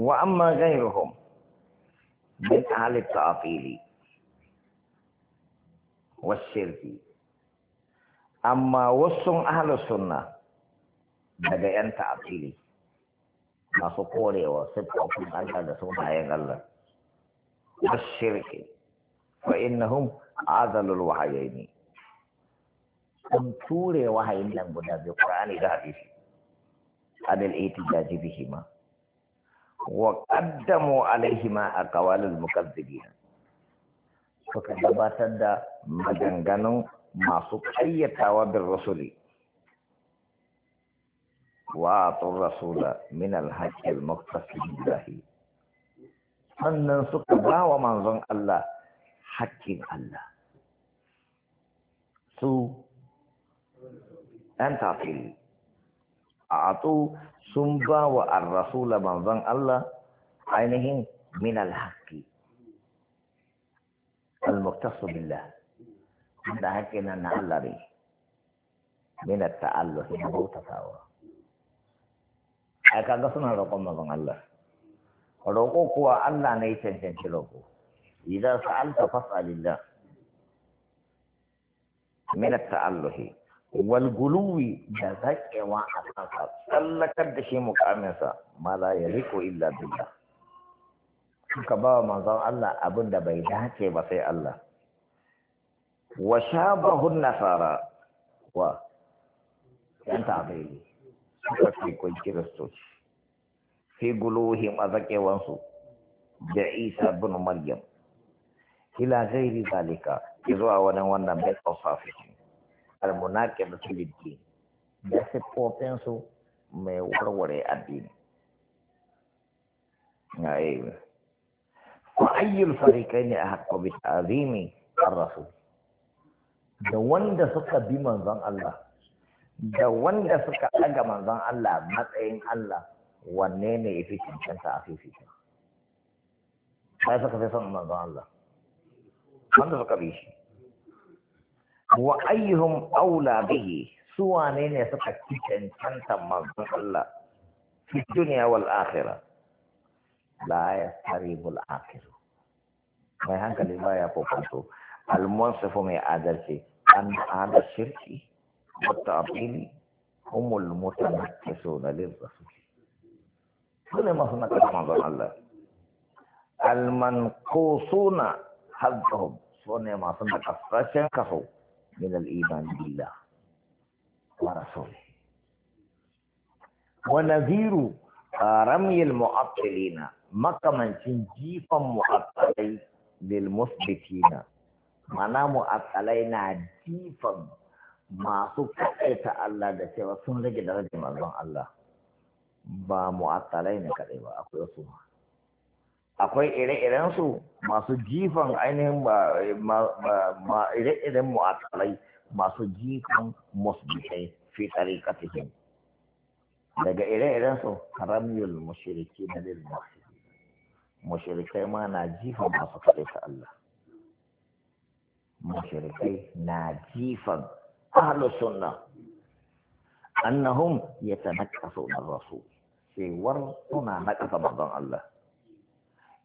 وأما غيرهم من أهل التعطيل والشرك أما وصن أهل السنة بدأ أن تعطيلي masu korewa siffofin Allah da sunayen Allah. Bashirki, fa innahum azalul wahayaini. Sun ture wahayin nan guda biyu Qur'ani da hadisi. Adil itijaji bihi ma. wa qaddamu alaihi ma aqwalul mukazzibin suka gabatar da maganganun masu ƙayyatawa bin rasuli wa atun rasula min alhaƙil maktasin billahi sannan suka ba wa manzon Allah haƙƙin Allah su ɗan tafi a atu sun ba wa ar-rasula manzon Allah ainihin min al-haqqi al-muqtasu billah da haƙƙin na Allah ne min at-ta'alluq da bautawa ai kaga suna roƙon manzon Allah roƙo kuwa Allah ne ya cancanci roƙo idan sa'alta fas'alillah min at-ta'alluq walguluwi da zaƙewa a kansa tsallakar da shi mukaminsa mala ya riko illa billah suka ba wa manzon Allah abin da bai dace ba sai Allah wa shabahun nasara wa yan tabiri suka fi kwai kiristoci fi guluhim a zaƙewansu da isa bin maryam ila gairi zalika zuwa wani wannan mai tsofafi almunaqib liddi da siffofin su mai warware addini yayi ko ayyul fariqaini ahqqu a ta'zimi a rasu. da wanda suka bi manzon Allah da wanda suka ɗaga manzon Allah matsayin Allah wanne ne ya fi cancanta a fifita sai suka fi son manzon Allah wanda suka bi shi wa ayyuhum aula bihi suwa ne ne suka ci cancanta manzon Allah fi duniya wal akhirah la yastaribu al akhir mai hankali ba ya kokonto al munsifu mai adalci an hada shirki wa ta'bili humul mutanakkisuna lil rasul sune masu nakasa manzon Allah al manqusuna haddahum sune masu nakasashen kaso من الإيمان بالله ورسوله ونذير رمي المعطلين مكما جيفا معطلين للمثبتين mana mu'akkalai na jifan masu الله Allah da cewa sun rage darajar manzon Allah ba mu'akkalai ne kaɗai ba akwai wasu akwai ire-irensu masu jifan ainihin ire-iren mu'atalai masu jifan musbitai fi tsarikatihim daga ire-irensu haramiyul mushiriki na lil mushirikai ma na jifan masu ta Allah mushirikai na jifan ahlus sunna annahum yatanakkasu rasu, rasul war suna nakasa manzon Allah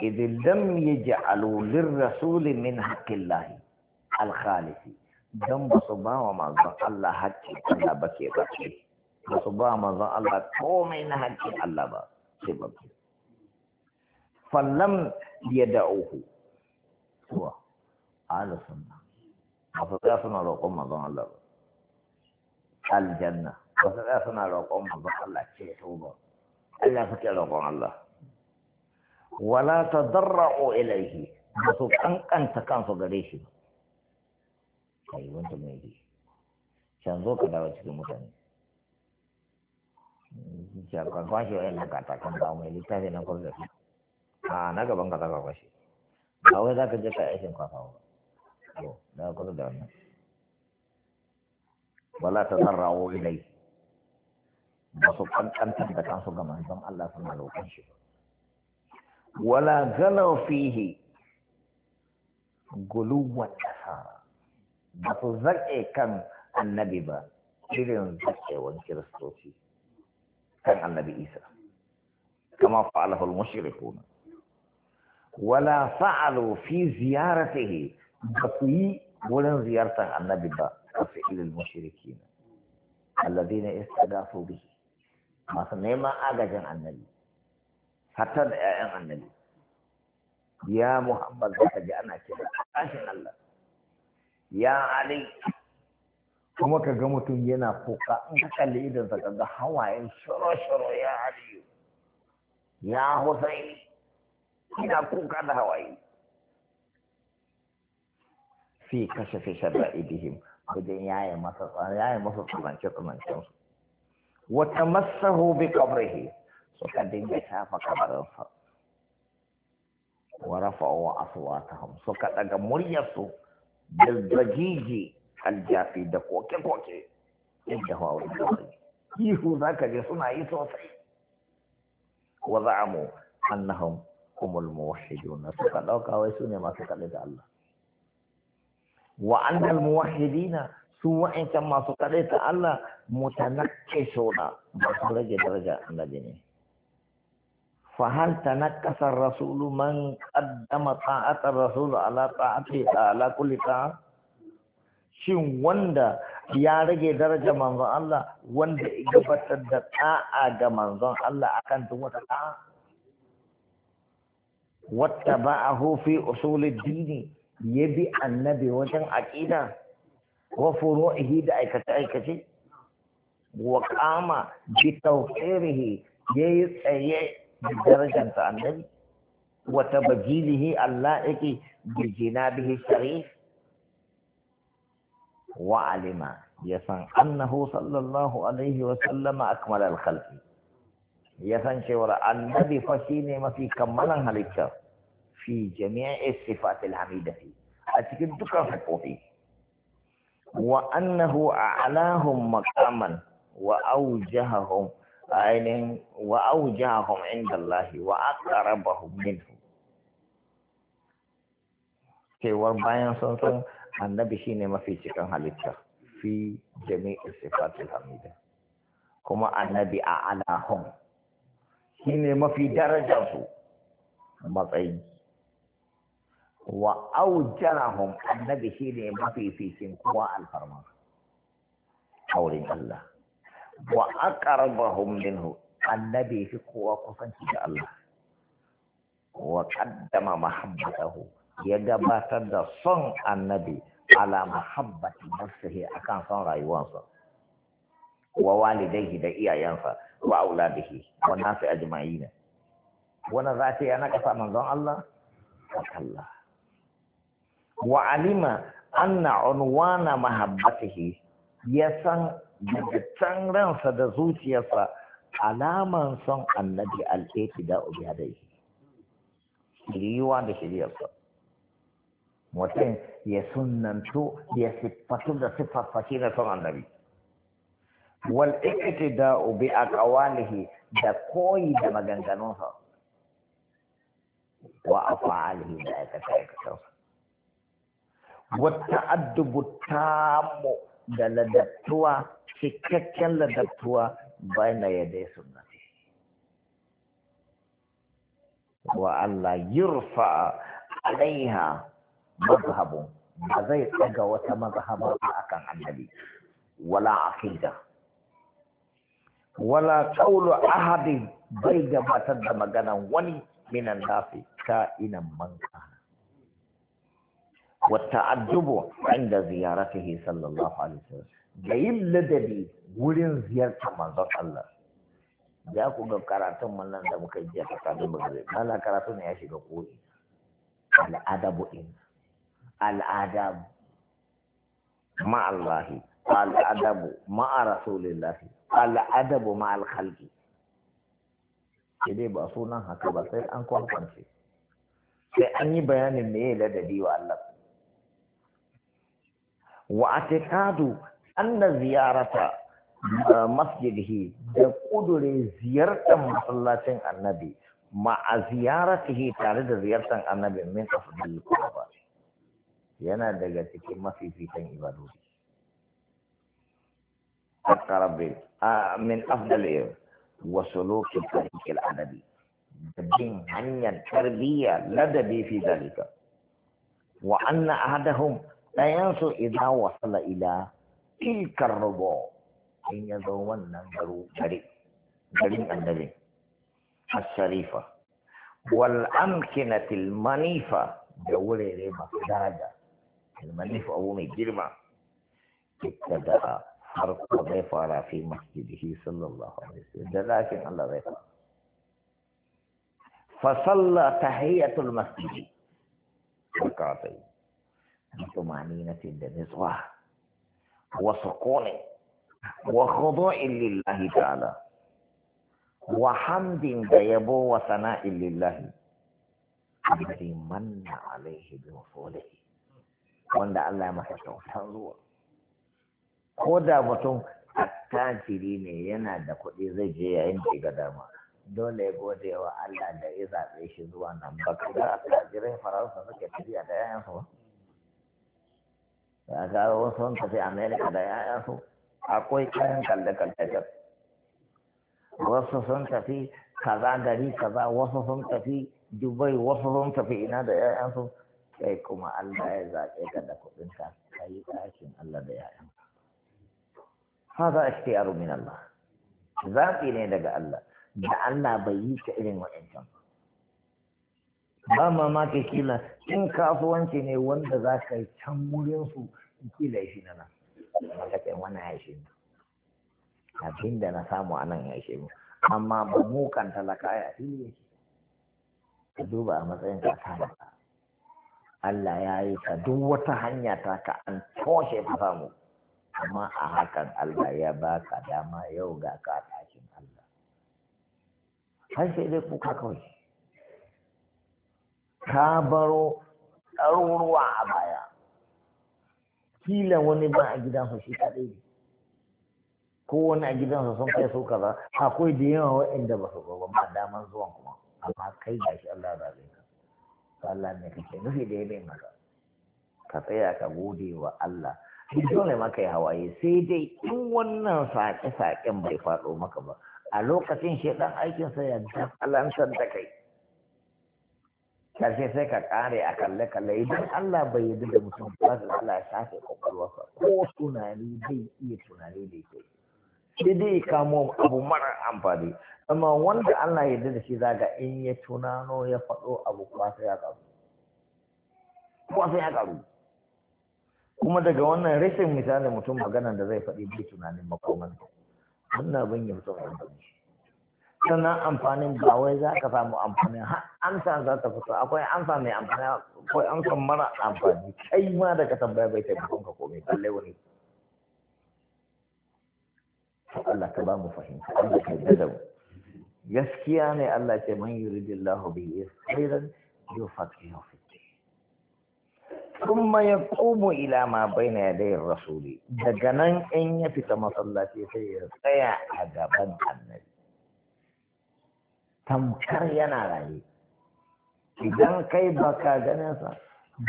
idh lam yaj'alu lirrasul min haqqillah al-khalis dan ba su ba wa Allah haƙƙin Allah ba ke ba ba su ba manzon Allah komai na haƙƙin Allah ba sai ba fallam yada'uhu wa ala sunna ba su suna roƙon manzon Allah ba aljanna suna roƙon Allah Allah wala ta darra o ilaihi ba su kankanta kansu gare shi ba kai wanda mai yi can zo ka dawo cikin mutane ya kan kwashi wa yana kata kan ba mai littafi na kwarza su a na gaban ka zaka kwashi ba wai za ka je ka aikin kwasa ba to na kwarza da wannan wala ta darra o ilaihi ba su kankanta da kansu ga manzon Allah sallallahu alaihi ba ولا غلوا فيه غلو النصارى بس زكي كان النبي با شرين زكي ونكرستوشي كان النبي إيسا كما فعله المشركون ولا فعلوا في زيارته بطي ولن زيارته النبي با كفعل المشركين الذين استغاثوا به ما سنما أجا النبي hatta da ƴaƴan annabi ya muhammad za ka ji ana kira tashin allah ya ali kuma ka ga mutum yana kuka in ka kalli idansa ka ga hawayen shiro-shiro ya ali ya husaini ina kuka da hawaye fi kashe fi sharra'idihim wajen yaya masa tsanance tsanancen su wata masahu bi kabrihi suka dinga shafa kabarinsa wa rafa'u aswatahum suka daga muryarsu da zagigi aljafi da koke-koke inda hawa wani ihu za ka je suna yi sosai wa za'amu annahum humul muwahhiduna suka dauka wai su ne masu kaɗai da Allah wa annal muwahhidina su wa'ancan masu kaɗai ta Allah mutanakkishuna ba su rage daraja annabi ne فهل تنكس الرسول من قدم طاعة الرسول على طاعته على كل طاعة shin wanda ya rage daraja manzon Allah wanda ya gabatar da ta'a ga manzon Allah akan duk wata ta'a wata ba'ahu fi usulid dini ya bi annabi wajen aqida wa furu'ihi da aikace aikace wa qama bi tawfirihi yayi tsaye darajanta annabi Wata tabjilihi Allah yake bi jinabihi sharif wa alima ya san annahu sallallahu alaihi wa sallama akmal al khalqi ya san cewa annabi fa shine mafi kammalan halitta fi jami'i sifat al hamidati a cikin dukkan hakofi wa annahu a'lahum maqaman wa awjahahum عينهم وأوجاهم عند الله وأقربهم منه كي وربعين صوتهم أن نبي ما في شكرا حليتك في جميع الصفات الحميدة كما أن النبي أعلاهم هنا ما في درجة مطعي وأوجاهم أن نبي ما في في سنقوى الفرمان حول الله wa aqrabahum minhu annabi fi kowa kusanci da Allah wa qaddama mahabbatahu ya gabatar da son annabi ala mahabbati nafsihi akan son rayuwarsa wa walidaihi da iyayensa wa auladihi wa nasu ajma'ina wannan za yana kasa manzon Allah Allah wa alima anna unwana mahabbatihi ya san daga can ransa da zuciyarsa alaman son annabi alheti da ubi hadai shiriwa da shiriyarsa mutum ya sunantu ya siffatu da siffafashi na son annabi wal da ubi a kawalihi da koyi da maganganunsa wa a fa'alihi da aikata aikatarsa wata addubu tamu da ladattuwa cikakken ladabtuwa bayan yadda suna wa Allah yurfa alaiha mazhabun ba zai tsaga wata mazhaba akan annabi wala aqida wala qawlu ahadi bai gabatar da maganan wani minan nafi ka'inan man kana wa ta'addubu inda ziyaratihi sallallahu alaihi wasallam da yin ladabi wurin ziyartar manzon Allah ya ku ga karatun mallan da muka jiya ta sadu bagare mallan karatun ya shiga koyi al'adabu in al'adabu ma Allahi al'adabu ma rasulillahi al'adabu ma al-khalqi dai ba sunan haka ba sai an kwankwance sai an yi bayanin me ladabi wa Allah wa atiqadu anna ziyarata masjidihi da kudure ziyartar masallacin annabi ma'a ziyaratihi tare da ziyartar annabi min afdal qurba yana daga cikin mafificin ibadodi a min afdal wa suluki tariqil adabi da bin hanyar tarbiyya ladabi fi dalika wa anna ahadahum dayansu idza wasala ila tilkar rubo in ya zo wannan garu gari garin annabi as-sharifa wal amkinatil manifa da wurare masu daraja al-manifa abu mai girma ittada harka zai fara fi masjidihi sallallahu alaihi wasallam da lakin Allah zai fara فصلى تحية المسجد ركعتين بطمأنينة للنصوح وسكون وخضوع لله تعالى وحمد يبو وثناء لله الذي من عليه بوصوله wanda Allah ya masa kyautar zuwa ko da mutum attajiri ne yana da kuɗi zai je yayin da ga dama dole ya gode wa Allah da ya zaɓe shi zuwa nan ba kaga attajirin faransa suke tafiya da yayansu ba ya ga wasu sun tafi amerika da ya'ya su akwai kayan kalle-kalle wasu sun tafi kaza gari kaza wasu sun tafi dubai wasu sun tafi ina da ya'ya su kai kuma allah ya zaɓe ka da kuɗin ka yi ɗakin allah da ya'ya haza ikhtiyaru min allah zaɓi ne daga allah da allah bai yi ka irin waɗancan ba ba mamaki kila in kasuwanci ne wanda za ka yi can wurinsu kila shi na nan maka ce wani ya shi abin da na samu a nan ya shi mu amma ba mu kan talaka ya fili ne ka duba a matsayin ka ka Allah ya yi ka duk wata hanya ta ka an toshe ka samu amma a hakan Allah ya ba ka dama yau ga ka Allah har sai dai kuka kawai ka baro ɗaruruwa a baya kila wani ba a gidansa shi kaɗai ne ko wani a gidansa sun kai su kaza akwai da yawa waɗanda ba su zo ba ba daman zuwan kuma amma kai ga shi Allah da zai ka Allah ne kake nufi da ya bai maka ka tsaya ka gode wa Allah dole maka ya hawaye sai dai in wannan saƙe-saƙen bai faɗo maka ba a lokacin shi ɗan aikinsa ya gafalantar da kai karshe sai ka kare a kalle kalle idan Allah bai yarda da mutum ba su Allah ya shafe kwakwalwarsa ko tunani bai iya tunani da yake sai dai kamo abu mara amfani amma wanda Allah ya yarda da shi zaga in ya tunano ya faɗo abu kuma sai ya karu kuma sai ya karu kuma daga wannan rashin misali mutum magana da zai faɗi bai tunanin makomanta wannan abin ya fito a yanzu sannan amfanin ba wai za ka samu amfanin amsa za ta fito akwai amsa mai amfani akwai amsa mara amfani kai ma da ka tambaya bai taimakon ka komai balle wani Allah ka ba mu fahimta Allah ka yarda mu gaskiya ne Allah ce man yuridillahu bihi khairan ya fi kuma ya komo ila ma baina yin rasuli daga nan in ya fita masallaci sai ya tsaya a gaban annabi tamkar yana raye idan kai baka ganinsa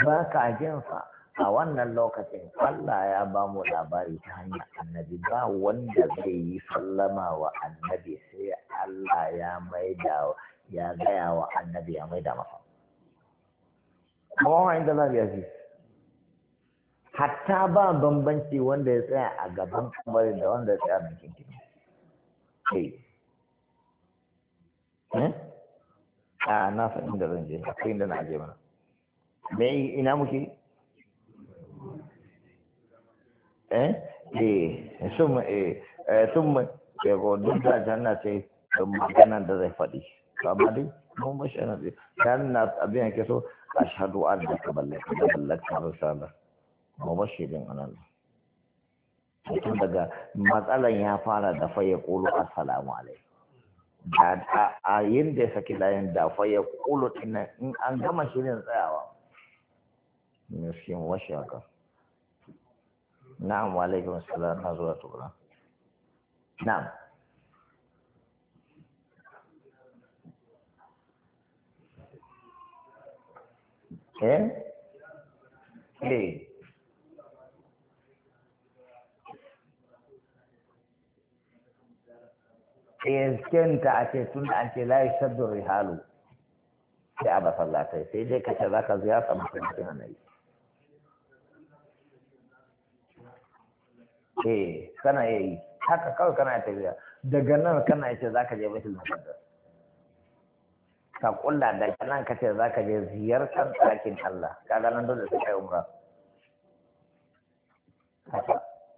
baka jinsa a wannan lokacin Allah ya ba mu labari ta hanyar annabi ba wanda zai yi sallama wa annabi sai Allah ya maida ya gaya wa annabi ya maida masa kowa inda za ya ji hatta ba bambanci wanda ya tsaya a gaban kamar da wanda ya tsaya a bikin Eh? a na san inda zan je akwai inda na je mana me ina muke eh eh sun eh, eh sun ke eh, ko duk da janna ce magana da zai faɗi amma dai mun bashi ana ce kan na abin yake so ashhadu an la ilaha da ballaka rusala mu bashi din anan mutum daga matsalan ya fara da fa ya qulu assalamu alaikum da a yin da ya saki layin da fa ya kulu tunan in an gama shirin tsayawa ne shi mu washe haka na'am wa alaikum assalam na zuwa tukura na'am eh eh ta a ce tun da an ce layi shaddun rihalu sai a latai sai dai kace za ka ziyarta masallacin annabi eh kana yi haka kawai kana tafiya daga nan kana yace za ka je baitul muqaddas ka kulla daga nan kace za ka je ziyartar ɗakin Allah kaga nan dole sai kai umra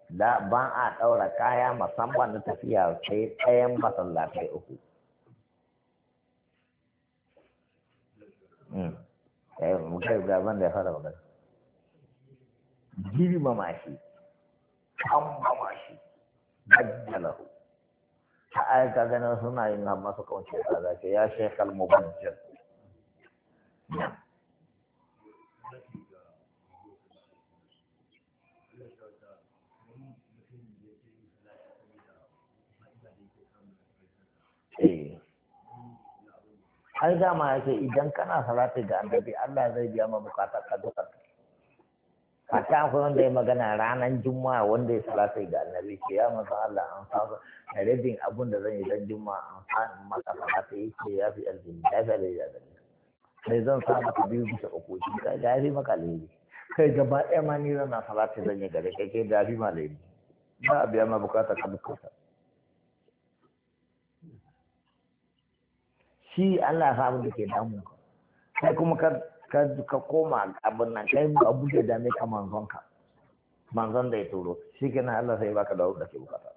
da ba a ɗaura kaya musamman na tafiya sai ɗayan masallatai uku hmm. eh, kai gaban da ya fara magana girmama shi kambama shi bajjalahu ta aika ganin suna yin hamma suka wuce tsada ce ya shekal mubajjal har dama yake idan kana salati ga annabi Allah zai biya ma bukatar ka duka ta akwai wanda ya magana ranar juma'a wanda ya salati ga annabi ce ya masa Allah an fasa rabin abun da zan yi dan juma'a an fasa maka salati yake ya fi aljini ya fi aljini ya sai zan sa maka biyu bisa uku shi ka ya fi maka alheri kai gaba ɗaya ma ni zan na salati zan yi gare kai ke da fi ma alheri ba a biya ma bukatar ka duka shi Allah ya samu da ke damu kai kuma ka ka koma abin nan kai abu da dame ka manzon ka manzon da ya turo shi kenan Allah sai baka da da ke bukata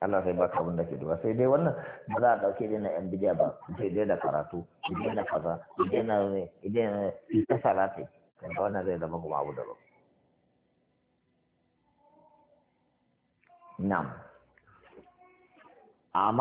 Allah sai baka abin da ke duba sai dai wannan ba za a dauke dai na yan bidiya ba sai dai da karatu idan da kaza idan na idan ta salati kan wannan zai zama kuma abu da ba na'am আমার